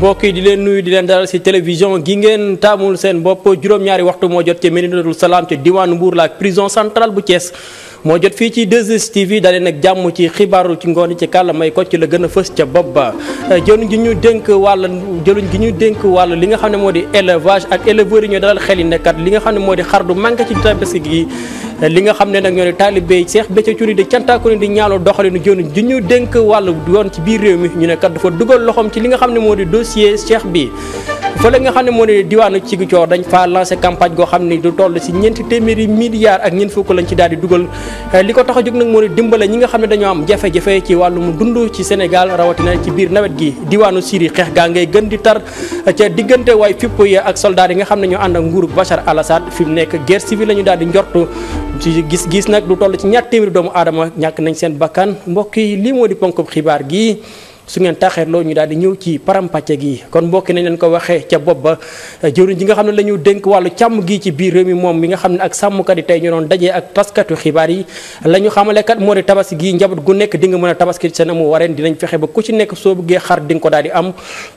mbokk yi di leen nuyu di leen dalal si télévision gi ngeen taamul seen bopp juróom-ñaari waxtu moo jot ci Médinatoul Salam ci diwaanu Mbour la prison centrale bu Thiès. moo jot fii ci 2STV dalee nag jàmm ci xibaaru ci ngoon ci kàlla may ko ci la gën a fës ca bopp ba jëluñ ji ñu dënk wàll jëluñ gi ñu dénk wàll li nga xam ne moo di élevage ak éleveurs yi ñoo dalal nekkat li nga xam ne moo di xar du manqué ci tabaski gi li nga xam ne nag ñoo di taalibe Seex Béthio Thioune di cantaakone di ñaalo doxalinu jëluñ gi ñu dénk wàll yoon ci biir réew mi ñu nekkat kat dafa dugal loxoom ci li nga xam ne moo di dossier Cheikh bi fële nga xam ne moo ne diwaanu Ziguinchor dañ faa lancé campagne goo xam ne du toll si ñeenti téeméeri milliards ak ñeent fukk lañ ci daal di dugal eh, li ko tax a jóg nag moo ne dimbale ñi nga xam ne dañoo am jafe-jafe ci wàllum dund ci Sénégal rawatina ci biir nawet gi diwaanu Syrie xeex gaa ngay gën di tar ca diggante waay fipp yi ak soldaar yi nga xam ne ñoo ànd ak nguurug Bachar al-Assad fi mu nekk guerre civile la ñu daal di njortu ci gis-gis nag du toll ci ñaar téeméeri doomu aadama ñàkk nañ seen bakkan mbokk yi lii moo di ponk xibaar gi su ngeen taaxeerloo ñu daal di ñëw ci parampàcce gi kon mbokki nañ leen ko waxee ca bopp ba jëwriñ ji nga xam ne la ñu dénk wàllu càmm gi ci biir réew mi moom mi nga xam ne ak sàmmkat yi tey ñu doon dajee ak taskatu xibaar yi la ñu xamalekat moo di tabaski gi njaboot gu nekk di nga mën a tabaski ci seen amu wareen dinañ fexe ba ku ci nekk soo bëggee xar di ko daal di am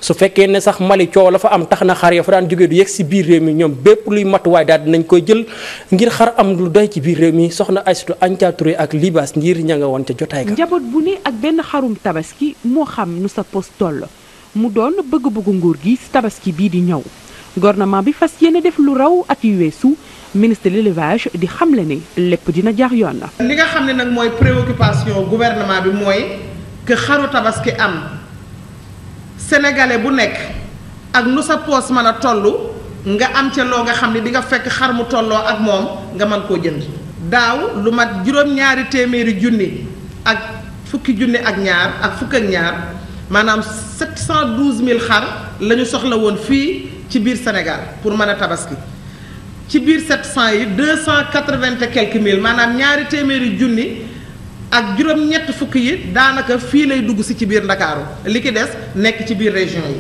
su fekkee ne sax mali coow la am tax na xar ya fa daan jógee du yegg si biir réew mi ñoom bépp luy matuwaay daal nañ koy jël ngir xar am lu doy ci biir réew mi soxna Aïssatou Anthia Touré ak Libas ngir ña nga woon ca jotaay ga njaboot bu ne ak benn xarum tabaski moo xam nu sa poste toll mu doon bëgg-bëggu nguur gi ci tabaski bii di ñëw gouvernement bi fas yéene def lu raw at yu weesu ministre de di xam xamle ne lépp dina jaar yoon na li nga xam ne nag mooy préoccupation gouvernement bi mooy que xaru tabaski am sénégalais bu nekk ak nu sa poos mën a toll nga am ca loo nga xam ne di nga fekk xar mu tolloo ak moom nga mën koo jënd. daaw lu mat juróom-ñaari téeméeri junni ak. fukki junni ak ñaar ak fukk ak ñaar maanaam 712000 xar la ñu soxla woon fii ci biir Sénégal pour mën a tabaski ci biir 700 yi 280 et quelques mille maanaam ñaari téeméeri junni ak juróom-ñett fukk yi daanaka fii lay dugg si ci biir Ndakaaru li ki des nekk ci biir région yi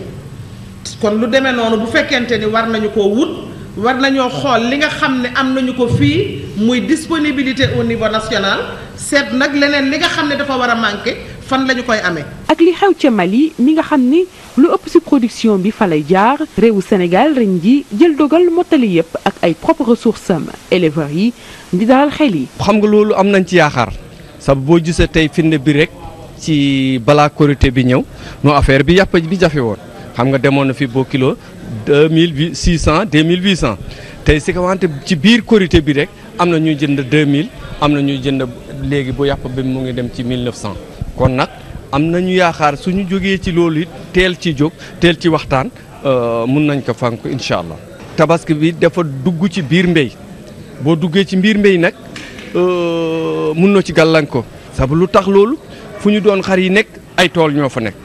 kon lu demee noonu bu fekkente ni war nañu ko wut. war nañoo xool li nga xam ne am nañu ko fii muy disponibilité au niveau national seet nag leneen li nga xam ne dafa war a manqué fan la ñu koy amee. ak li xew ca yi mi nga xam ni lu ëpp ci production bi fa lay jaar réewu Sénégal ren ji jël dogal mottali yépp ak ay propres ressources am éleveurs yi di dalal xel yi. xam nga loolu am nañ ci yaakaar sax boo gisee tey firnde bi rek ci balaa Korité bi ñëw no affaire bi yàpp bi jafe woon xam nga demoon na fi boo kilo mille huit six cent deux mille huit cent tey si ko wante ci biir korité bi rek am na ñuy jënd deux mille am na ñuy jënd léegi bu yàpp bi mu ngi dem ci mille neuf cent kon nag am na nañu yaakaar suñu jógee ci loolu it teel ci jóg teel ci waxtaan euh, mun nañ ko fànk incha allah. tabaski bi dafa dugg ci biir mbéy boo duggee ci mbiir mbéy nag euh, mun na ci gàllankoor. sabu lu tax loolu fu ñu doon xar yi nekk ay tool ñoo fa nekk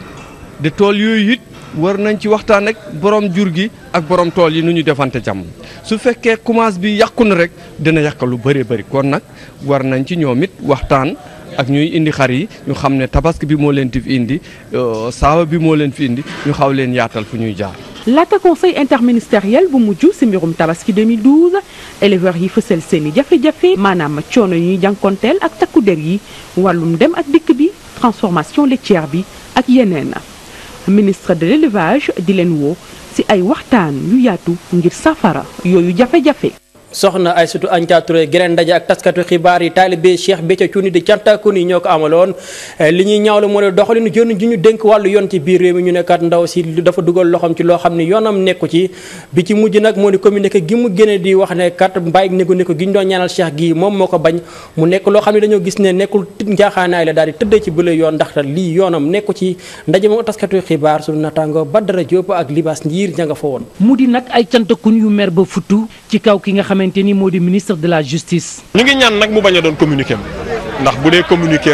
de tool yooyu it war nañ ci waxtaan ak borom jur gi ak borom tool yi nu ñu defante jàmm su fekkee commence bi yàqu na rek dina yàq lu baree bari kon nag war nañ ci ñoom it waxtaan ak ñuy indi xar yi ñu xam ne tabaski bi moo leen di fi indi euh, saawa bi moo leen fi indi ñu xaw leen yaatal fu ñuy jaar. laata conseil interministériel bu mujj si mbirum tabaski 2012 éleveurs yi fësal seeni jafe-jafe maanaam coono yi ñuy jànkonteel ak takku der yi wàllum dem ak dikk bi transformation laitière bi ak yeneen. ministre de l'élevage di leen woo ci ay waxtaan yu yaatu ngir safara yooyu jafe-jafe soxna Aïssatou Anta Touré geneen ndaje ak taskatu xibaar yi taalibe Cheikh Béthio Thioune di cantakun yi ñoo ko amaloon eh, li ñuy ñaawlu moo ne doxalinu jëriñ ji ñu dénk wàllu yoon ci biir réew mi ñu ne kat loo xam ne yoonam moo di communiqué gi mu génne di wax ne kat mbàyyi négo négo gi ñu doon ñaanal Cheikh gi moom moo ko bañ mu nekk loo xam ne dañoo gis ne nekkul njaaxaanaay la daal di tëddee ci bële yoon ndax lii yoonam nekku ci ndaje moom nga fa xamante ni moo di ministre de la justice. ñu ngi ñaan nag mu bañ a doon communiqué am ndax bu dee communiqué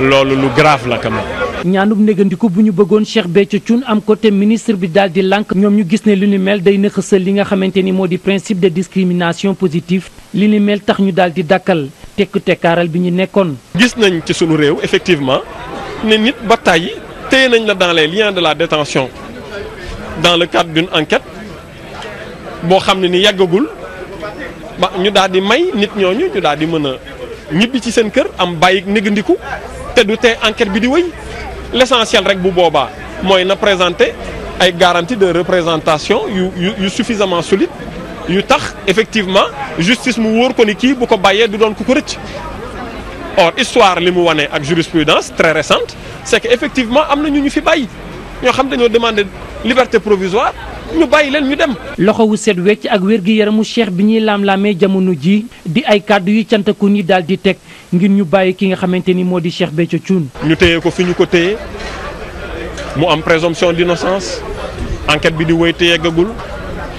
loolu lu grave la quand même ñaanub négandiku bu ñu bëggoon Cheikh Béthio Thioune am côté ministre bi daal di lànk ñoom ñu gis ne li ni mel day nëxësal li nga xamante ni moo di principe de discrimination positive li ni mel tax ñu daal di dakkal tekku tekkaaral bi ñu nekkoon gis nañ ci sunu réew effectivement ne nit ba tàyyi téye nañ la dans les liens de la détention dans le cadre d'une enquête boo xam ne ni ba ñu daal di may nit ñooñu ñu daal di mën a ñibbi ci seen kër am bàyyi négandiku te du tee enquête bi di wéy l'essentiel rek bu boobaa mooy na présenter ay garanti de représentation yu yu yu suffisamment solide yu tax effectivement justice mu wóor ko ni kii bu ko bàyyee du doon ku ko rëcc or histoire li mu wane ak jurisprudence très récente c'est que effectivement am na ñu ñu fi bàyyi ñoo xam dañoo demander liberté provisoire ñu bàyyi leen ñu dem. loxo wu set wecc ak wér gi yaramu cheikh bi ñuy laam-laamee jamono ji di ay kàddu yu cantakun yi daal di teg ngir ñu bàyyi ki nga xamante ni moo di Cheikh Béthio Thioune. ñu téye ko fi ñu ko téye mu am présomption d'innocence enquête bi di wéy te yeggagul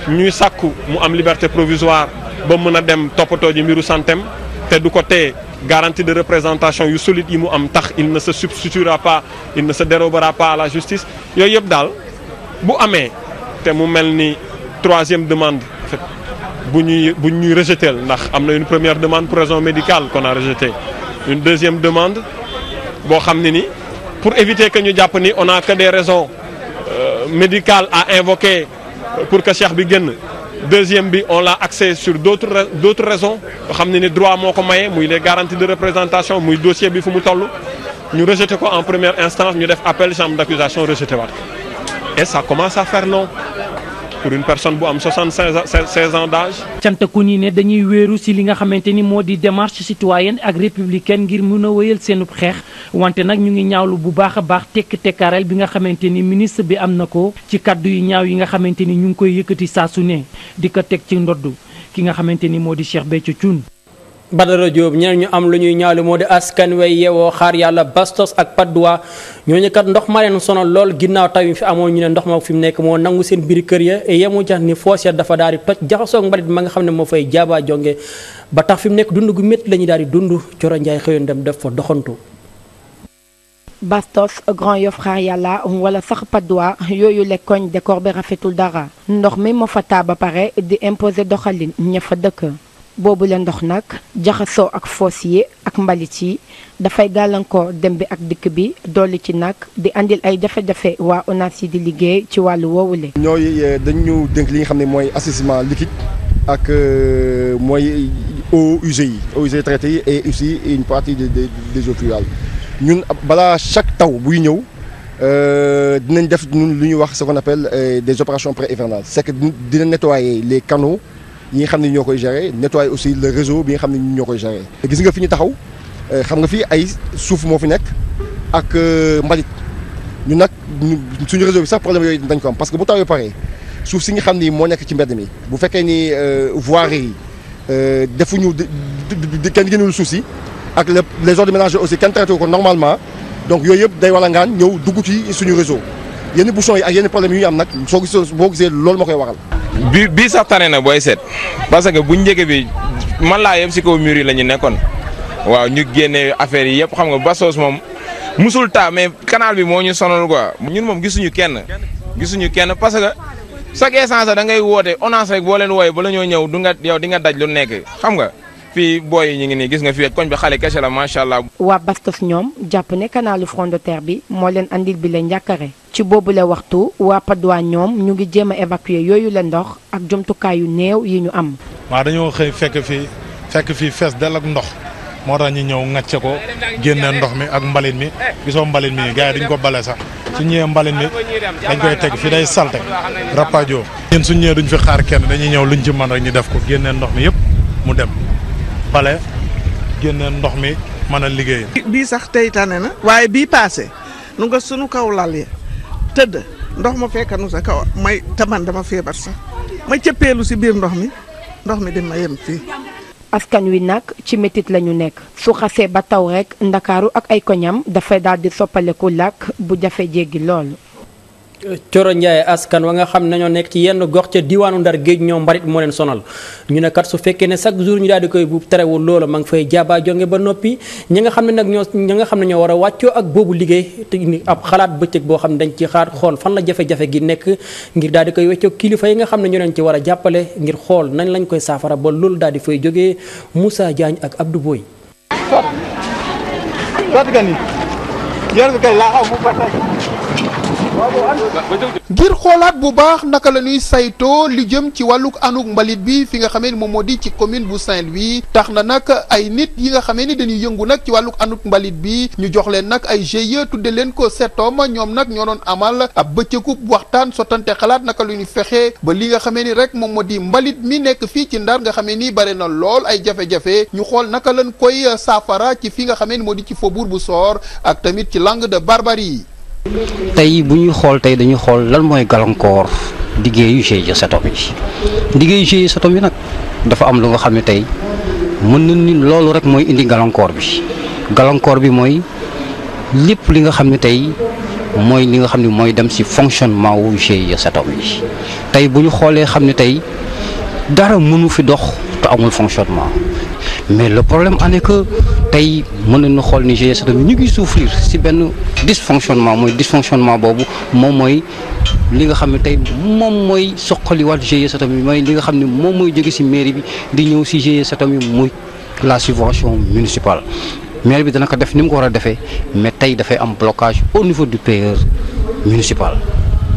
ñuy sàkku mu am liberté provisoire ba mën a dem toppatoo ji mbiru santem te du ko téye. garantie de représentation yu solide yi mu am tax il ne sa substituera pas il ne sa dérobera pas à la justice yooyu yëpp daal bu amee te mu mel ni troisième demande en fait bu ñuy bu ñuy rejeté ndax am na une première demande pour raison médicale qu'on a rejeté une deuxième demande boo xam ne ni pour éviter que ñu jàpp ni on a que des raisons euh, médicales à invoquer pour que cheikh bi génn deuxième bi on l'a axé sur d'autres d'autres raisons yoo xam ne ni droit moo ko maye muy le garanti de représentation muy dossier bi fu mu toll ñu rejeté ko en première instance ñu def appel chambre d'accusation rejeté waat et ça commence à faire long pour une personne bu am 76 ans d'âge ku yi ne dañuy wéeru ci li nga xamante ni moo di démarche citoyenne ak républicaine ngir mun a wéyal seenub xeex wante nag ñu ngi ñaawlu bu baax a baax tekk tekkaareel bi nga xamante ni ministre bi am na ko ci kàddu yu ñaaw yi nga xamante ni ñu ngi koy yëkkati saa su ne di ko teg ci ndodd ki nga xamante ni moo di Cheikh Béthio Thioune Badara Diop ñeneen ñu am lu ñuy ñaawlu moo di askan way yeewoo xaar yàlla Bastos ak Patte d'Oie ñooñu kat ndox ma leen sonal lool ginnaaw taw yi fi amoon ñu ne ndox ma fi mu nekk moo nangu seen biir kër ya yemu jax ni foos ya dafa daal di toj jaxasoog mbalit ma nga xam ne moo fay jaabaa jonge ba tax fi mu nekk dund gu métti la ñuy daal di dund Coro Njaay xëyoon dem def fa doxantu. Bastos Grand Yoff xaar yàlla wala sax Patte yooyu lekkoñ décor bi rafetul dara ndox mi moo fa taa ba pare di imposer doxalin ña dëkk. boobu la ndox nag jaxasoo ak foos yi ak mbalit yi dafay gàllankoor dem bi ak dikk bi dolli ci nag di andil ay jafe-jafe waa ONAS yi di liggéey ci wàllu woowule. ñooy eh, dañu dénk li nga xam ne mooy assainissement liquide ak euh, mooy eaux usées yi eaux usées traitées yi et aussi une partie des des eaux pluviales ñun balaa chaque taw buy ñëw. Euh, dinañ def ñun lu ñuy wax ce qu'on appelle euh, des opérations pré-hivernales c'est que dina nettoyer les canaux yi nga xam ne ñoo koy gérer nettoyer aussi le réseau bi nga xam ne ñoo koy gérer. gis nga fi ñu taxaw euh, xam nga fii ay suuf moo fi nekk ak euh, mbalit ñu nag suñu réseau bi sax problème yooyu dañ ko am parce que bu tawee pare suuf si nga xam ni moo nekk ci mbedd mi bu fekkee ni euh, voirie yi defuñu kenn génnul suuf si ak les ordures ménagers aussi kenn traité ko normalement donc yooyu yëpp day wala ngaan ñëw dugg ci suñu réseau yenn bouchons yi ak yenn problème yu ñu boo gisee loolu moo koy waral. bi bii sax tane na booy seet parce que bu njëkk bi man laa yëpp si kaw mur yi la ñu nekkoon waaw ñu génne affaire yi yëpp xam nga basoos moom musul taa mais canal bi moo ñu sonal quoi. ñun moom gisuñu kenn gisuñu kenn parce que chaque essence da ngay woote onance rek boo leen wooyee ba la ñoo ñëw du nga yow di nga daj lu nekk xam ga fii booy yi ñu ngi ne gis nga fi koñ bi xale kese la macha allah. waa Pastef ñoom jàpp ne kanalu front de terre bi moo leen andil bi la njàkkare ci boobu la waxtu waa Padois ñoom ñu ngi jéem a yooyu la ndox ak jomtukaay yu néew yi ñu am. waa dañoo xëy fekk fi fekk fii fees dell ak ndox moo tax ñu ñëw ŋàcce ko génne ndox mi ak mbalit mi gisoo mbalit mi gars duñ ko bale sax su ñëwee mbalit mi dañ koy teg fii day salte rapajo. ñun su ñëwee duñ fi xaar kenn dañuy ñëw luñ ci mën ñu def ko génne ndox mi yëpp mu dem bale génne ndox mi mën a liggéey. bii sax teytaane na waaye bii paase nu nga sunu kaw lal ya tëdd ndox ma fekk nu sa kaw may taman dama feebar sax ma cëppeelu si biir ndox mi ndox mi di ma yem fii. askan wi nag ci métit la ñu nekk su xasee ba taw rekk ndakaaru ak ay koñam dafay daal di soppaleku làkk bu jafe jéggi lool. Coro Ndiaye askan wa nga xam ne ñoo nekk ci yenn gox ca diwaanu Ndar géej ñoom mbarit moo leen sonal ñu ne su fekkee ne chaque jour ñu daal koy bu terewul loola ma fay jaaba jonge ba noppi ñi nga xam ne nag ñoo ñi nga xam ne ñoo war a wàccoo ak boobu liggéey te ni ab xalaat bëccëg boo xam ne dañ ci xaar xool fan la jafe-jafe gi nekk ngir daal di koy weccoo kilifa yi nga xam ne ñoo leen ci war a jàppale ngir xool nañ lañ koy saafara ba loolu daal di fay jógee Moussa Diagne ak Abdou Boy ngir xoolaat bu baax naka la ñuy saytoo li jëm ci wàlluk anuk mbalit bi fi nga xamee ni moom moo di ci commune bu Saint-Louis tax na nag ay nit yi nga xamee ni dañuy yëngu nag ci wàlluk anuk mbalit bi ñu jox leen nag ay GIE tudde leen ko ma ñoom nag ñoo doon amal ab bëccëgub waxtaan sottante xalaat naka lu ñu fexe ba li nga xamee ni rek moom moo di mbalit mi nekk fii ci Ndar nga xamee ni bare na lool ay jafe-jafe ñu xool naka lañ koy saafara ci fi nga xamee ni moo di ci faubourg bu Sor ak tamit ci Langue de Barbarie tey bu ñuy xool tey dañuy xool lan mooy gàllankoor liggéeyu GIE Setom yi liggéeyu GIE Setom yi nag dafa am lu nga xam ne tey mën na ni loolu rek mooy indi gàllankoor bi gàllankoor bi mooy lépp li nga xam ne tey mooy li nga xam ne mooy dem ci fonctionnement wu GIE Setom yi tey bu ñu xoolee xam ne tey dara mënu fi dox te amul fonctionnement. mais le problème en est tey mën nañu xool ni GIE Sotami ñu ngi souffrir si benn dysfonctionnement mooy dysfonctionnement boobu moom mooy li nga xam ne tey moom mooy soqaliwaat GIE Sotami mooy li nga xam ne moom mooy jóge si mairie bi di ñëw si GIE Sotami muy la subvention municipal maire bi dana ko def ni mu ko war a defee mais tey dafay am blocage au niveau du payeur municipal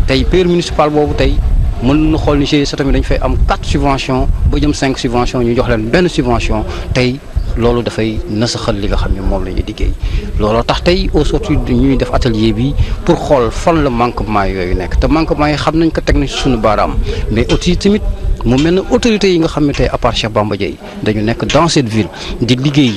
tey payeur municipal boobu tey. mën na xool ni GIE Sotamine dañu fay am quatre subventions ba cinq subventions ñu jox leen benn subvention tey loolu dafay nasaxal li nga xam ne moom la ñuy liggéey looloo tax tey au sorti ñuy def atelier bi pour xool fan la manquement yooyu nekk te manquement yi xam nañ ko teg nañ ci suñu baaraam mais aussi tamit mu mel ne autorités yi nga xam ne tey à part Cheikh Bamba Dièye dañu nekk dans cette ville di liggéey.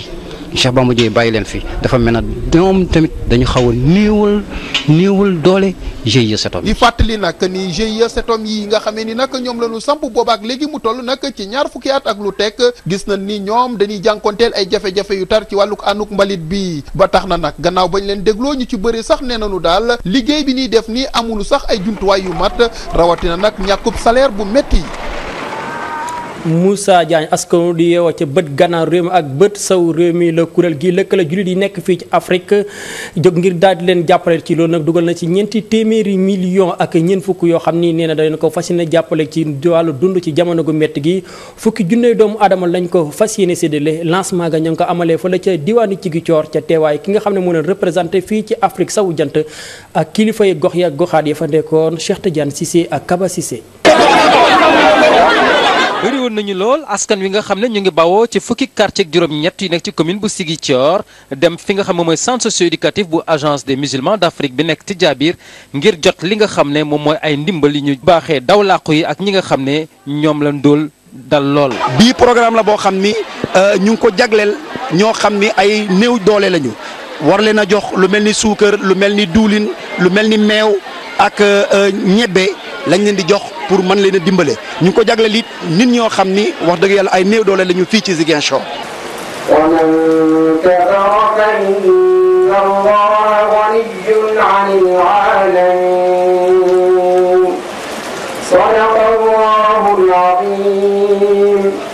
Cheikh ma Dièye bàyyi leen fii dafa mel ne ñoom tamit dañu xaw a néewal néewal doole GIE Setom yi. fàttali nag ni GIE Setom yi nga xamee ni nag ñoom la ñu samp boobaak léegi mu toll nag ci ñaar fukki at ak lu teg gis nañ ni ñoom dañuy jànkonteel ay jafe-jafe yu tar ci wàlluk ànduk mbalit bi ba tax na nag gannaaw bañ leen dégloo ñu ci bëri sax nee nañu daal liggéey bi ñuy def nii amulu sax ay jumtuwaay yu matt rawatina nag ñàkkub salaire bu métti. Moussa Diagne askanu di yeewoo ca bët gànnaaw réew ak bët saw réew mi la kuréel gi lëkkale jullit yi nekk fii ci Afrique jóg ngir daal di leen jàppale ci loolu nag dugal na ci ñeenti téeméeri million ak ñeent fukk yoo xam ni nee na dañu ko fas yéene jàppale ci wàllu dund ci jamono gu métti gi fukki junne doomu aadama lañ ko fas yéene séddale lancement ga ña ngi ko amalee fa la ca diwaanu Ziguinchor ca teewaay ki nga xam ne moo leen représenté fii ci Afrique sawu jant ak kilifa gox ya goxaat ya fa nekkoon Cheikh Tidiane Cissé ak Kaba bëri woon nañu lool askan wi nga xam ne ñu ngi bawoo ci fukki quartier ak juróom-ñett yi nekk ci commune bu Ziguinchor dem fi nga xam ne mooy centre socio-éducatif bu agence de musulmans d'Afrique bi nekk ci Jaabir ngir jot li nga xam ne moom mooy ay ndimbal yi ñu baaxee daw làqu yi ak ñi nga xam ne ñoom lañ dool dal lool. bii programme la boo xam ni euh, ñu ngi ko jagleel ñoo xam ni ay néew doole lañu war leen a jox lu mel ni suukar lu mel ni duulin lu mel ni meew ak euh, ñebbe lañ leen di jox pour mën leen a dimbale ñu ko jagleel it nit ñoo xam ni wax dëgg yàlla ay néew doole lañu fii ci Ziguinchor. wa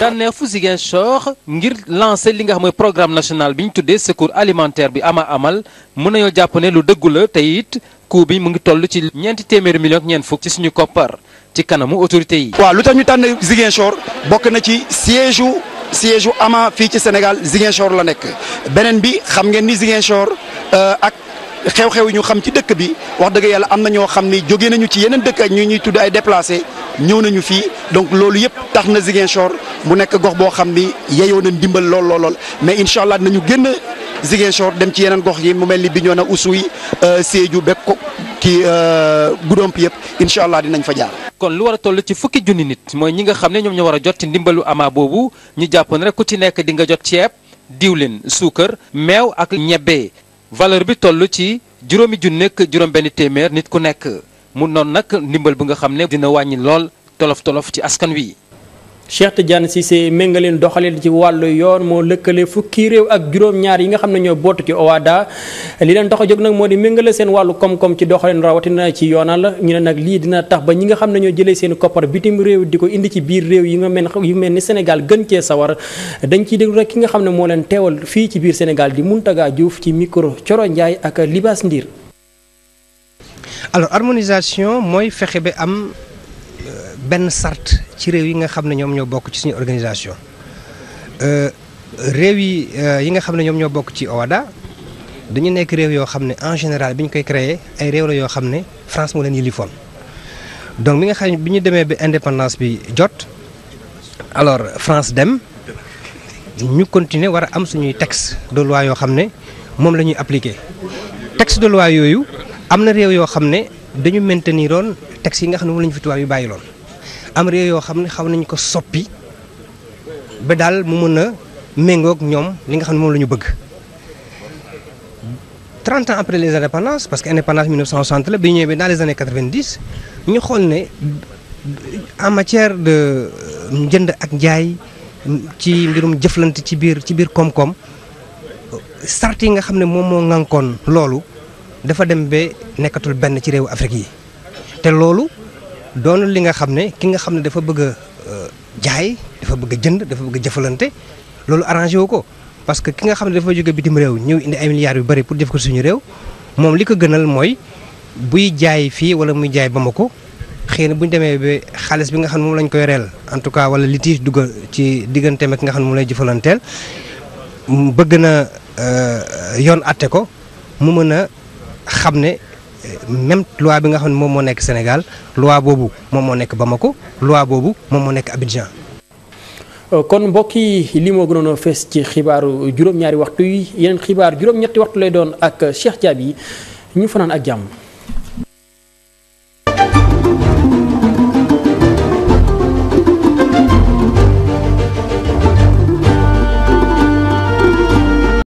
tànneefu Ziguinchor ngir lancer li nga xam mooy programme national bi ñu tuddee secours alimentaire bi ama amal mën nañoo jàpp ne lu dëggu la te it coût bi mu ngi toll ci ñeenti téeméeri million ak ñeent fukk ci suñu koppar ci kanamu autorité yi. waaw lu tax ñu tànn Ziguinchor bokk na ci siège u siège u ama fii ci Sénégal Ziguinchor la nekk beneen bi xam ngeen ni Ziguinchor euh, ak. xew-xew yi ñu xam ci dëkk bi wax dëgg yàlla am na ñoo xam ni jóge nañu ci yeneen dëkk ak ñu ñuy tudd ay déplacé ñëw nañu fii donc loolu yëpp tax na Ziguinchor mu nekk gox boo xam ni yeyoo na ndimbal lool lool mais incha allah nañu génn Ziguinchor dem ci yeneen gox yi mu mel ni bi ñoo Bignona Oussouye euh, Sédhiou bekk ko ci euh, Goudomp yëpp incha allah dinañ fa jaar. kon lu war a toll ci fukki junni nit mooy ñi nga xam ne ñoom ñoo war a jot ci ndimbalu ama boobu ñu jàpp rek ku ci nekk di nga jot ceeb diwlin suukar meew ak ñebbe valeur bi toll ci juróomi junni ak juróom benn téeméer nit ku nekk mu noonu nag ndimbal bi nga xam ne dina wàññi lool tolof tolof ci askan wi. Cheikh Tidiane Cissé méngaleen doxalin ci wàllu yoon moo lëkkale fukki réew ak juróom-ñaar yi nga xam ne ñoo bootu ci OHADA li leen tax a jóg nag moo di méngale seen wàllu koom-koom ci doxalin rawatina ci yoonal ñu ne nag lii dina tax ba ñi nga xam ne ñoo jëlee seen koppar bitim réew di ko indi ci biir réew yi nga mel yu mel ni Sénégal gën cee sawar dañ ciy déglu rek ki nga xam ne moo leen teewal fii ci biir Sénégal di Mountaga Diouf ci micro Coro njaay ak Libaas Ndiir mooy fexe ba am benn sart ci réew yi nga xam ne ñoom ñoo bokk ci suñu organisation euh, réew yi euh, yi nga xam ne ñoom ñoo bokk ci owada dañu nekk réew yoo xam ne en général bi ñu koy créé ay réew la yoo xam ne France moo leen yilifoon donc bi nga xam ne bi ñu demee ba indépendance bi jot alors France dem ñu war a am suñuy texte de loi yoo xam ne moom la ñuy appliqué texte de loi yooyu am na réew yoo xam ne. dañu mente maintenir woon texte yi nga xam ne moom la ñu fi tubaab yi bàyyi lool am réew yoo xam ne xaw nañ ko soppi ba daal mu mën a méngoog ñoom li nga xam ne moom la ñu bëgg 30 ans après les indépendances parce que indépendance 1960 la bi ñëwee ba dans les années 90 ñu xool ne en matière de euh, njënd ak njaay ci mbirum jëflante ci biir ci biir koom-koom sart euh, yi nga xam ne moom moo ŋànkoon loolu dafa dem ba nekkatul benn ci réewu Afrique yi te loolu doon li nga xam ne ki nga xam ne dafa bëgg a euh, jaay dafa bëgg a jënd dafa bëgg jëfalante loolu arrangé wu ko parce que ki nga xam ne dafa jóge bitim réew ñëw indi ay milliards yu bari pour def ko suñu réew moom li ko gënal mooy buy jaay fii wala muy jaay Bamako xëy na bu ñu demee ba xaalis bi nga xam ne moom lañ koy reel en tout cas wala litige dugg ci digganteem ak ki nga xam ne moom lay jëfalanteel bëgg na euh, yoon atte ko xam ne même loi bi nga xam ne moom moo nekk Sénégal loi boobu moom moo nekk ba ma ko loi boobu moom moo nekk Abidjan. Euh, kon mbokk yi li moo gënoon a fees ci xibaaru juróom-ñaari waxtu yi yeneen xibaar juróom-ñetti waxtu lay doon ak Cheikh yi ñu fanaan ak jàmm.